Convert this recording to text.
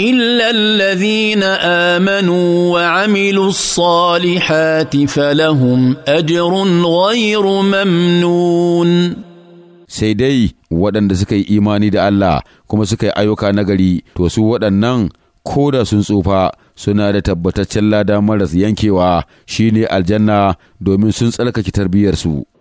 الا الذين امنوا وعملوا الصالحات فلهم اجر غير ممنون sai dai waɗanda suka yi imani da Allah kuma suka yi ayyuka nagari to su waɗannan ko da sun tsufa suna da tabbataccen lada maras yankewa shine aljanna domin sun tsarkake tarbiyyarsu